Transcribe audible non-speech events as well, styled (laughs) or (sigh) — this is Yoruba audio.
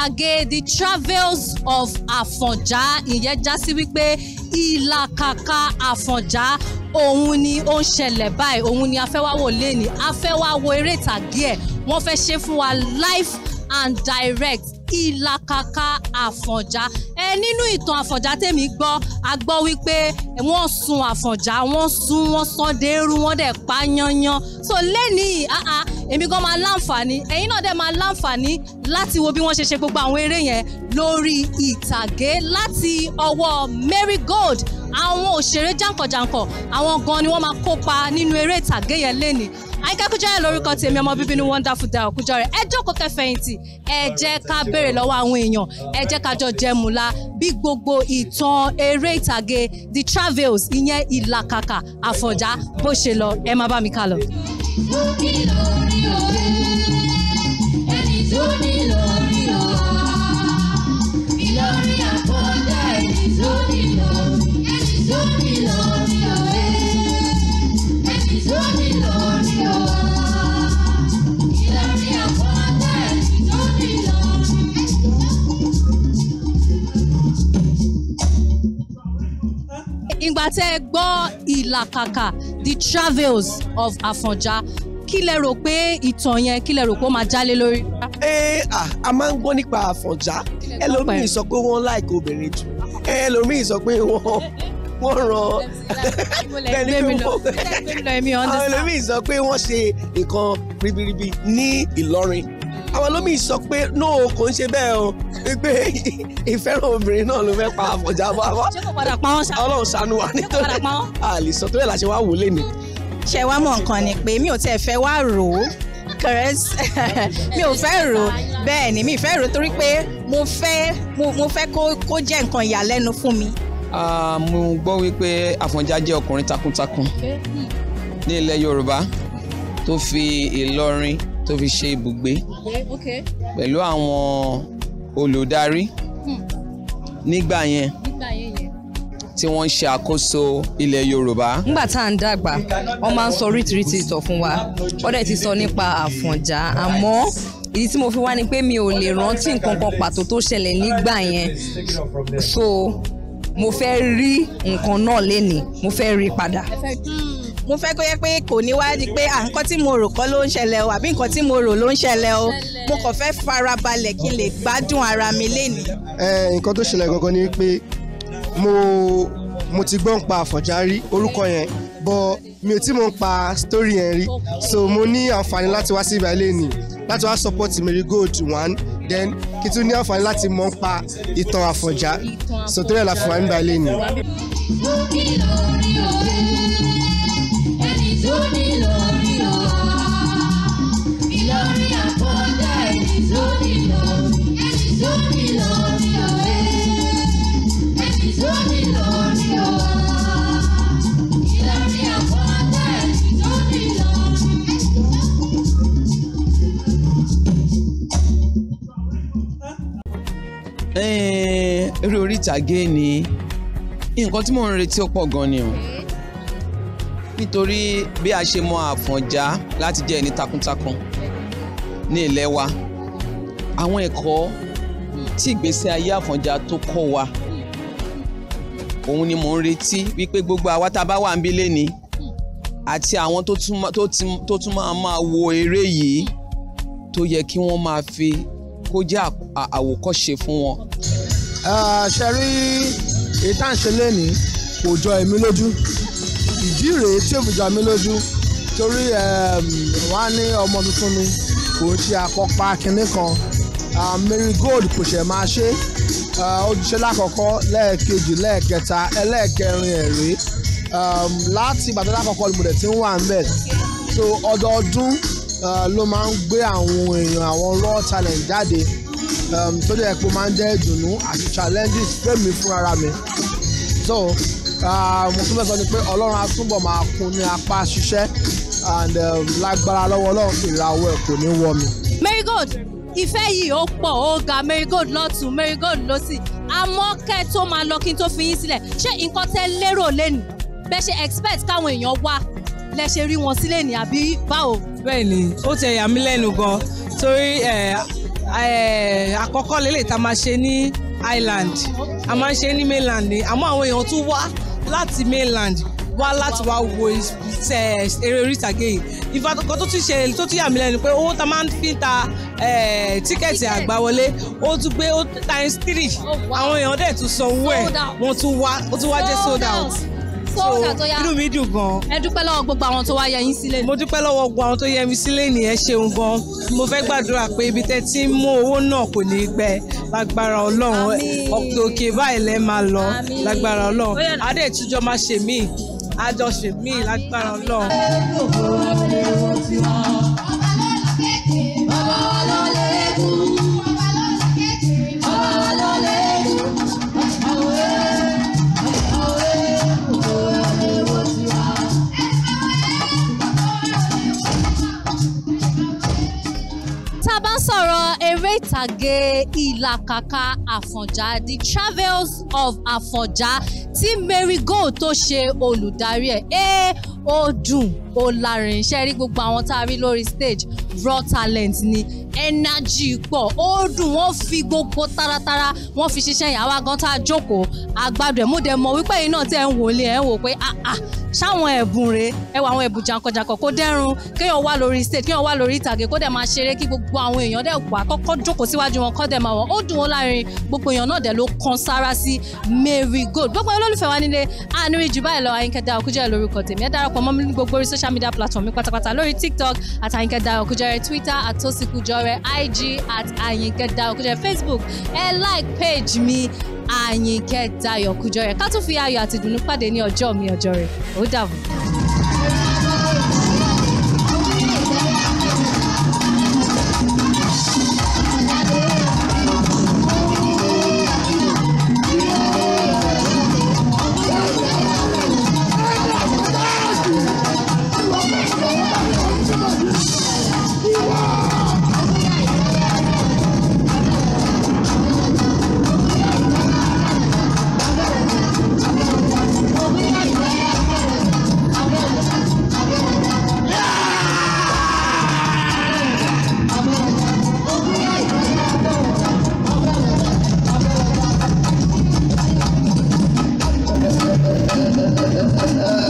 ìtàgé the travels of àfọ̀njá ìyẹn já sí wípé ìlàkàkà àfọ̀njá òun ni ó ń ṣẹlẹ̀ báyìí òun ni a fẹ́ wá wò léni a fẹ́ wá wo eré ìtàgé ẹ̀ wọ́n fẹ́ ṣe fún wa live and direct ìlàkàkà àfọ̀njá ẹ nínú ìtàn àfọ̀njá tèmi gbọ́ a gbọ́ wípé wọ́n sun àfọ̀njá wọ́n sun wọ́n sọ dẹ́rú wọ́n dẹ̀ pa yanyan so lẹ́nìí èmi gan máa láǹfààní ẹ̀yin náà dẹ̀ máa láǹfààní láti wo bí wọ́n ṣe ṣe gbogbo àwọn eré yẹn lórí ìtàgé láti ọwọ́ Mary Gold àwọn òṣèré jàǹkànjàǹkàn àwọn gan ni wọ́n máa kópa nínú eré ìtàgé yẹn lẹ́nìí àyíká kújọ́rẹ́ lórúkọ tèmi ọmọ bíbí ní wonderful Dayọ̀ kújọ́rẹ́ ẹ jókòó kẹfẹ̀yìntì ẹ jẹ́ ká béèrè lọ́wọ́ àwọn èèyàn ẹ jẹ́ ká jọ jẹmúlá bí gbogbo ìtàn eré ìtàgé the travels ìyẹn ìlàkàkà àfọ̀njá bó ṣe lọ ẹ má bá mi ká lọ. ẹni tó ní lórí ọ̀hún. Gloria, ìgbà tẹ́ ẹ gbọ́ ìlàkàkà the travels of Àfọ̀njá kí lẹ rò pé ìtàn yẹn kí lẹ rò pé ó máa jálé lórí. ẹ a máa ń gbọ́ nípa Àfọ̀njá ẹlòmíì sọ pé wọ́n láìka obìnrin jù ẹlòmíì sọ pé wọ́n wọ́n ràn ẹni pé wọ́n ẹlòmíì sọ pé wọ́n ṣe nǹkan ribiribi ní Ìlọrin àwọn olómi sọ pé no kò ń ṣe bẹ́ẹ̀ o pé ìfẹ́ràn obìnrin náà ló fẹ́ pa àfọ̀jà bọ́ àbọ̀ ọlọ́run ṣàánú wa nítorí àlìsàn tó yẹ láṣẹ wá wò lẹ́nu. ṣe wá mọ̀ nǹkan ni pé mi ò tẹ́ fẹ́ wá rò ó correct (laughs) mi ò fẹ́ rò bẹ́ẹ̀ ni mi fẹ́ rò torí pé mo fẹ́ mo fẹ́ kó jẹ́ nǹkan ìyàlẹ́nu fún mi. mo gbọ́ wípé àfọ̀njá jẹ́ ọkùnrin takuntakun ní ilẹ̀ yorùbá tó fi ìlọrin tó fi ṣe ibùgbé pẹ̀lú àwọn olùdarí hmm. nígbà yẹn tí wọ́n ń ṣe àkóso ilẹ̀ Yorùbá. nígbà tá à ń dàgbà wọ́n máa ń sọ oríṣiríṣi ìtàn fún wa wọ́n dẹ̀ ti sọ nípa Àfọ̀njá àmọ́ ìdí tí mo fi wá ni pé mi ò lè rántí nǹkan kan pàtó tó ṣẹlẹ̀ nígbà yẹn so mo fẹ́ rí nǹkan náà lénìí mo fẹ́ rí padà mo fẹ́ kó yẹ pé kò ní wá di pé nǹkan tí mo rò kọ́ ló ń ṣẹlẹ̀ o àbí nǹkan tí mo rò ló ń ṣẹlẹ̀ o mo kàn fẹ́ farabalẹ̀ kí n lè gbádùn ara mi lénìí. ẹ nǹkan tó ṣẹlẹ̀ gangan ni pé mo mo ti gbọ́n pa àfọ̀njá rí orúkọ yẹn bọ́ mi ò tí mo ń pa story yẹn rí so mo ní àǹfààní láti wá sí ibà lénìí láti wá support marigold one then kí tún ní àǹfààní láti mọ̀ ń pa ìtàn àfọ̀njá so tó yẹ la lénìí eré orí ìtàgé ni nǹkan tí mò ń retí ó pọ̀ gan ni o nítorí bí a ṣe mọ Àfọ̀njá láti jẹ́ ẹni takuntakun ní ilẹ̀ wa àwọn ẹ̀kọ́ tí ìgbésí ayé Àfọ̀njá tó kọ́ wa òun ni mò ń retí wípé gbogbo àwa tá a bá wà ń bí lẹ́ni àti àwọn tó tún máa máa wo eré yìí tó yẹ kí wọ́n máa fi kó jẹ́ àwòkọ́ṣe fún wọn. ṣe rí ìtànṣe lẹ́ni kò jọ èmi lójú ìdí rèé tí èmi jà mí lójú torí ehm, wọ́n á ní ọmọ tuntun mi kò ń ṣe àkọ́pá kinní kan marigold kò ṣẹ̀ máa ṣe ojúṣe lákọ̀ọ́kọ́ lẹ́ẹ̀kejì lẹ́ẹ̀kẹta ẹlẹ́ẹ̀kẹrin ẹ̀rẹ́ ehm, láti ìbàdàn lákọ̀ọ́kọ́ ni mo ń wà ń bẹ̀ so ọdọọdún ló máa ń gbé àwọn èèyàn àwọn raw talent jáde ehm, tó dẹ̀ pé ó máa ń jẹ́ ìdùnnú àti challenges fẹ́mi fún mi so Ah, mo tún fẹ́ sọ ni pé ọlọ́run á túbọ̀ máa kún ní apá ṣiṣẹ́ and um, lágbára lọ́wọ́ ọlọ́run ìràwọ̀ ẹ̀ kò ní wọ mi. marigold ìfẹ́ yìí ó pọ̀ ó ga marigold lọ́tún marigold lọ́sì àmọ́ kẹ́ tó máa lọ kí n tó fi yín sílẹ̀ ṣé nǹkan tẹ́ lérò lẹ́nu bẹ́ ṣe expect káwọn èèyàn wá lẹ ṣe rí wọn sílẹ̀ ní àbí báwo. bẹ́ẹ̀ ni ó ti ẹ̀yà mi lẹ́nu gan torí àkọ́kọ́ lélẹ̀ tá a máa ṣe ní island a máa ń ṣe ní mainland ni àmọ́ àwọn èèyàn tún wá láti mainland wá láti wá wo eh, eré orí ìtàgé yìí ìfàtọkọ tó tún ṣe tó tún yà mí lẹ́nu pé owó tá máa ń fi ta eh, tíkẹ́ẹ̀tì àgbàwọlé ó tún gbé ó times three oh, àwọn èèyàn dẹ̀ tún sanwó ẹ̀ wọ́n tún wá ó tún wá jẹ́ sold out sóòdà tó inú mi dùn gan. ẹ dúpẹ́ lọ́wọ́ gbogbo àwọn tó wá yẹ yín sílé. mo dúpẹ́ lọ́wọ́ gbogbo àwọn tó yẹ mi sílé nìyẹn ṣeun gan mo fẹ́ gbàdúrà pé ibi tẹ́ ti ń mú owó náà kò ní í gbẹ lágbára ọlọ́run ọ̀pẹ òkè báyìí lẹ́ máa lọ lágbára ọlọ́run adé ìtújọ máa ṣe míì àjọṣe míì lágbára ọlọ́run. àkàgé ìlàkàkà àfọ̀njá the travels of àfọ̀njá tí Mary Gold tó ṣe olùdarí ẹ̀ ẹ́ ó dùn. Olarin ṣe rí gbogbo àwọn tá a rí lórí stage raw talent ni energy pọ̀ ó dùn wọ́n fi gbogbo taratara wọ́n fi ṣiṣẹ́ yẹn àwa gan tá a jókòó àgbàdo ẹ̀ mú dẹ̀ mọ̀ wípé yìí náà tẹ̀ ń wòlé ẹ̀ ń wò pé ah ah ṣáwọn ẹ̀bùn rèé ẹ wọ àwọn ẹ̀bùn jàǹkànjàǹkàn kó dẹ́rùn kéèyàn wà lórí stage kéèyàn wà lórí ìtàgé kó dẹ̀ máa ṣeré kí gbogbo àwọn èèyàn dẹ̀ wà kọ́kọ́ jókòó síwájú wọn kọ́ dẹ̀ máa wọ̀ ó dùn ó láàrin gbogbo èèyàn náà dẹ̀ ló kan sára sí Mary Gold gbogbo olólùfẹ́ wa nílé àníríjù báyìí lọ Àyìnkẹ́ Dáòkú jẹ́ lórúkọ tèmi ẹ darapọ̀ mọ́ mi ní gbogbo orí social social media platform mi pátápátá lórí tiktok at Ayinke Dayo Kujore twitter at Tosikujore ig at Ayinke Dayo Kujore facebook ẹ like page mi Ayinke Dayo Kujore ká tún fi ayọ̀ àti ìdùnnú pàdé ní ọjọ́ mi ọjọ́ rẹ̀ ó dàbọ̀. Yeah. (laughs)